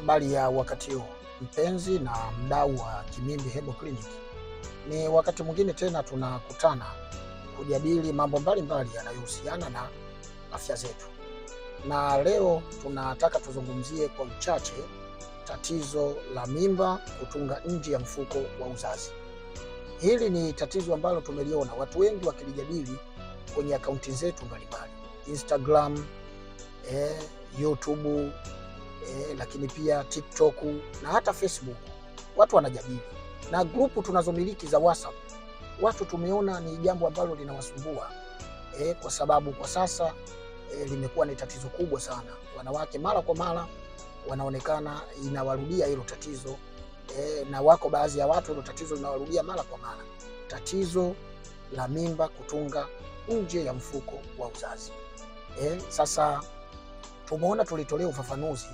Habari ya wakati huu mpenzi na mdau wa Kimimbi Herbal Clinic, ni wakati mwingine tena tunakutana kujadili mambo mbalimbali yanayohusiana na afya zetu, na leo tunataka tuzungumzie kwa uchache tatizo la mimba kutunga nje ya mfuko wa uzazi. Hili ni tatizo ambalo tumeliona watu wengi wakilijadili kwenye akaunti zetu mbalimbali Instagram, eh, YouTube eh, lakini pia TikTok na hata Facebook watu wanajadili, na grupu tunazomiliki za WhatsApp watu tumeona ni jambo ambalo linawasumbua eh, kwa sababu kwa sasa eh, limekuwa ni tatizo kubwa sana. Wanawake mara kwa mara wanaonekana inawarudia hilo tatizo eh, na wako baadhi ya watu hilo tatizo linawarudia mara kwa mara, tatizo la mimba kutunga nje ya mfuko wa uzazi eh. Sasa tumeona tulitolea ufafanuzi.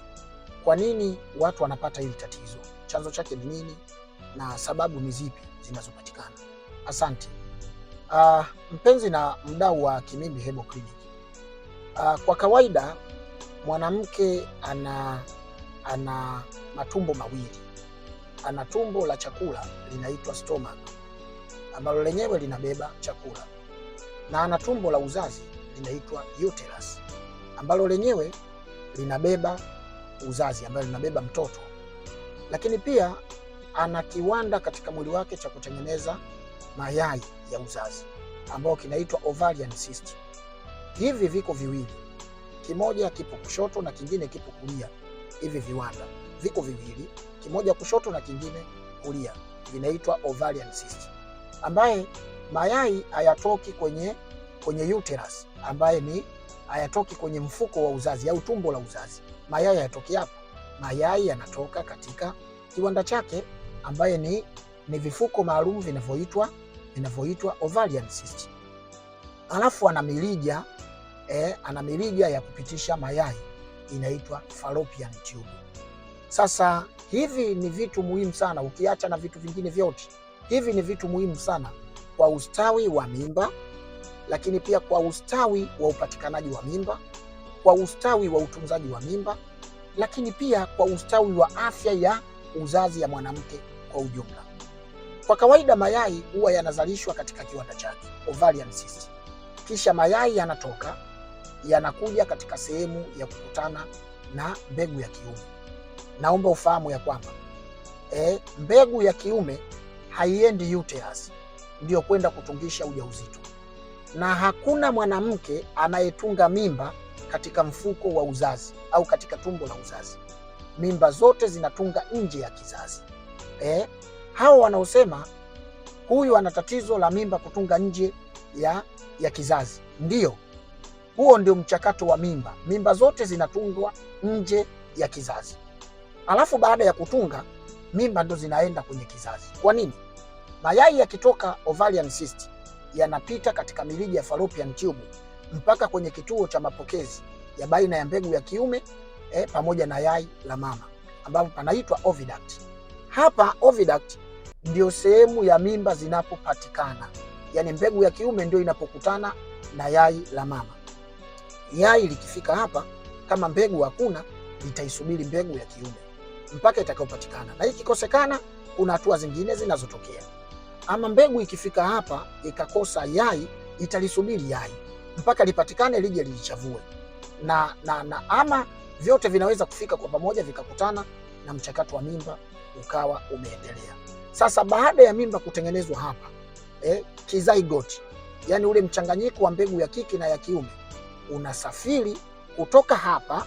Kwa nini watu wanapata hili tatizo? Chanzo chake ni nini na sababu ni zipi zinazopatikana? Asante. Uh, mpenzi na mdau wa Kimimbi Herbal Clinic. Uh, kwa kawaida mwanamke ana ana matumbo mawili. Ana tumbo la chakula linaitwa stomach ambalo lenyewe linabeba chakula na ana tumbo la uzazi linaitwa uterus ambalo lenyewe linabeba uzazi ambayo linabeba mtoto, lakini pia ana kiwanda katika mwili wake cha kutengeneza mayai ya uzazi ambao kinaitwa ovarian cyst. Hivi viko viwili, kimoja kipo kushoto na kingine kipo kulia. Hivi viwanda viko viwili, kimoja kushoto na kingine kulia, vinaitwa ovarian cyst, ambaye mayai hayatoki kwenye, kwenye uterus ambaye ni hayatoki kwenye mfuko wa uzazi au tumbo la uzazi mayai yatoke hapa. Mayai yanatoka katika kiwanda chake ambaye ni, ni vifuko maalum vinavyoitwa vinavyoitwa ovarian cyst. Alafu ana mirija eh, ana mirija ya kupitisha mayai inaitwa fallopian tube. Sasa hivi ni vitu muhimu sana, ukiacha na vitu vingine vyote, hivi ni vitu muhimu sana kwa ustawi wa mimba, lakini pia kwa ustawi wa upatikanaji wa mimba kwa ustawi wa utunzaji wa mimba, lakini pia kwa ustawi wa afya ya uzazi ya mwanamke kwa ujumla. Kwa kawaida mayai huwa yanazalishwa katika kiwanda chake ovarian cyst, kisha mayai yanatoka yanakuja katika sehemu ya kukutana na mbegu ya kiume. Naomba ufahamu ya kwamba e, mbegu ya kiume haiendi uterus ndiyo kwenda kutungisha ujauzito, na hakuna mwanamke anayetunga mimba katika mfuko wa uzazi au katika tumbo la uzazi. Mimba zote zinatunga nje ya kizazi eh? Hao wanaosema huyu ana tatizo la mimba kutunga nje ya, ya kizazi, ndiyo huo ndio mchakato wa mimba. Mimba zote zinatungwa nje ya kizazi, alafu baada ya kutunga mimba ndo zinaenda kwenye kizazi. Kwa nini? Mayai yakitoka ovarian cyst yanapita katika mirija ya fallopian tube mpaka kwenye kituo cha mapokezi ya baina ya mbegu ya kiume eh, pamoja na yai la mama ambapo panaitwa oviduct. Hapa oviduct ndio sehemu ya mimba zinapopatikana, yaani mbegu ya kiume ndio inapokutana na yai la mama. Yai likifika hapa, kama mbegu hakuna, litaisubiri mbegu ya kiume mpaka itakayopatikana, na ikikosekana, kuna hatua zingine zinazotokea. Ama mbegu ikifika hapa ikakosa yai, italisubiri yai mpaka lipatikane lije lilichavue na, na, na ama vyote vinaweza kufika kwa pamoja vikakutana na mchakato wa mimba ukawa umeendelea. Sasa baada ya mimba kutengenezwa hapa eh, kizaigoti, yani ule mchanganyiko wa mbegu ya kike na ya kiume unasafiri kutoka hapa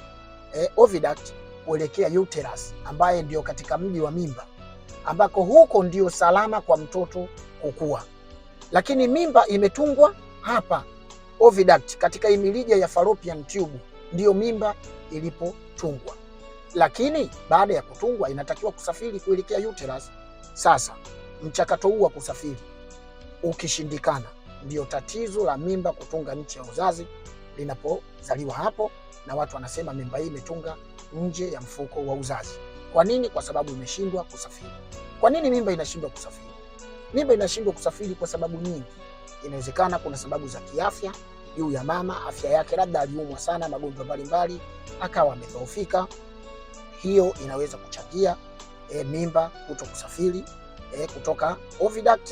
eh, oviduct kuelekea uterus, ambaye ndio katika mji wa mimba, ambako huko ndio salama kwa mtoto kukua, lakini mimba imetungwa hapa oviduct katika imilija ya fallopian tube ndiyo mimba ilipotungwa, lakini baada ya kutungwa inatakiwa kusafiri kuelekea uterus. Sasa mchakato huu wa kusafiri ukishindikana, ndiyo tatizo la mimba kutunga nje ya uzazi linapozaliwa hapo, na watu wanasema mimba hii imetunga nje ya mfuko wa uzazi. Kwa nini? Kwa sababu imeshindwa kusafiri. Kwa nini mimba inashindwa kusafiri? Mimba inashindwa kusafiri kwa sababu nyingi. Inawezekana kuna sababu za kiafya juu ya mama, afya yake labda aliumwa sana magonjwa mbalimbali, akawa amedhoofika. Hiyo inaweza kuchangia e, mimba kuto kusafiri e, kutoka oviduct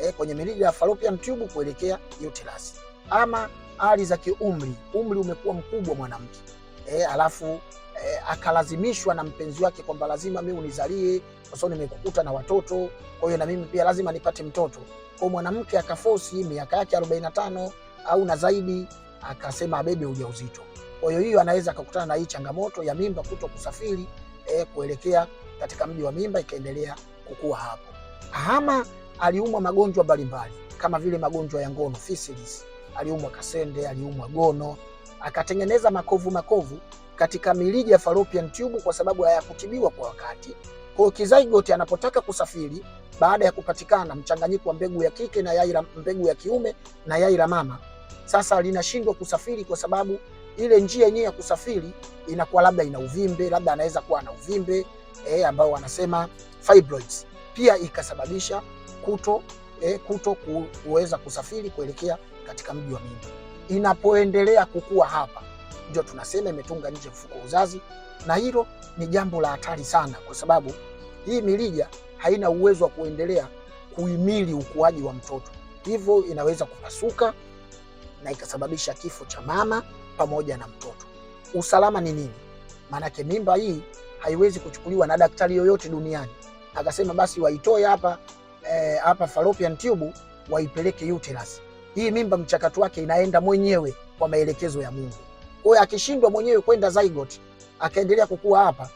e, kwenye mirija ya fallopian tube kuelekea uterus. Ama hali za kiumri, umri umekuwa mkubwa mwanamke e, alafu e, akalazimishwa na mpenzi wake kwamba lazima mimi unizalie kwa sababu nimekukuta na watoto, kwa hiyo na mimi pia lazima nipate mtoto. Kwa mwanamke akafosi miaka yake 45 au na zaidi, akasema abebe ujauzito. Kwa hiyo hiyo anaweza akakutana na hii changamoto ya mimba kuto kusafiri e, kuelekea katika mji wa mimba ikaendelea kukua hapo. Hama aliumwa magonjwa mbalimbali kama vile magonjwa ya ngono, syphilis, aliumwa kasende, aliumwa gono akatengeneza makovu makovu katika mirija ya fallopian tube kwa sababu hayakutibiwa kwa wakati. Kwa hiyo anapotaka kusafiri baada ya kupatikana mchanganyiko wa mbegu ya kike na yai la mbegu ya kiume na yai la mama, sasa linashindwa kusafiri kwa sababu ile njia yenyewe ya kusafiri inakuwa labda ina uvimbe, labda anaweza kuwa na uvimbe eh, ambao wanasema fibroids, pia ikasababisha kuto eh, kuto kuweza kusafiri kuelekea katika mji wa mimba inapoendelea kukua hapa ndio tunasema imetunga nje mfuko wa uzazi, na hilo ni jambo la hatari sana, kwa sababu hii mirija haina uwezo wa kuendelea kuhimili ukuaji wa mtoto, hivyo inaweza kupasuka na ikasababisha kifo cha mama pamoja na mtoto. Usalama ni nini? Maanake mimba hii haiwezi kuchukuliwa na daktari yoyote duniani akasema basi waitoe hapa eh, hapa, e, fallopian tube waipeleke uterus hii mimba mchakato wake inaenda mwenyewe kwa maelekezo ya Mungu. Kwa hiyo akishindwa mwenyewe kwenda zygote akaendelea kukua hapa,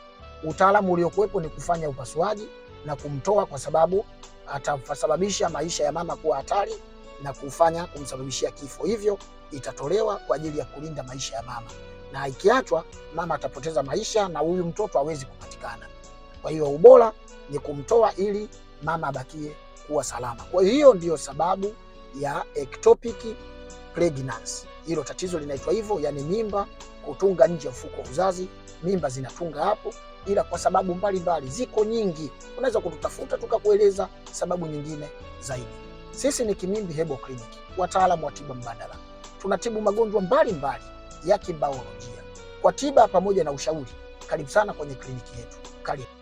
utaalamu uliokuwepo ni kufanya upasuaji na kumtoa, kwa sababu atasababisha maisha ya mama kuwa hatari na kufanya kumsababishia kifo. Hivyo itatolewa kwa ajili ya kulinda maisha ya mama, na ikiachwa mama atapoteza maisha na huyu mtoto hawezi kupatikana. Kwa hiyo ubora ni kumtoa ili mama abakie kuwa salama. Kwa hiyo ndiyo sababu ya ectopic pregnancy. Hilo tatizo linaitwa hivyo, yani mimba kutunga nje mfuko wa uzazi, mimba zinatunga hapo, ila kwa sababu mbalimbali mbali, ziko nyingi, unaweza kututafuta tukakueleza sababu nyingine zaidi. Sisi ni Kimimbi Hebo Clinic, wataalamu wa tiba mbadala. Tunatibu magonjwa mbalimbali ya kibaolojia kwa tiba pamoja na ushauri. Karibu sana kwenye kliniki yetu. Karibu.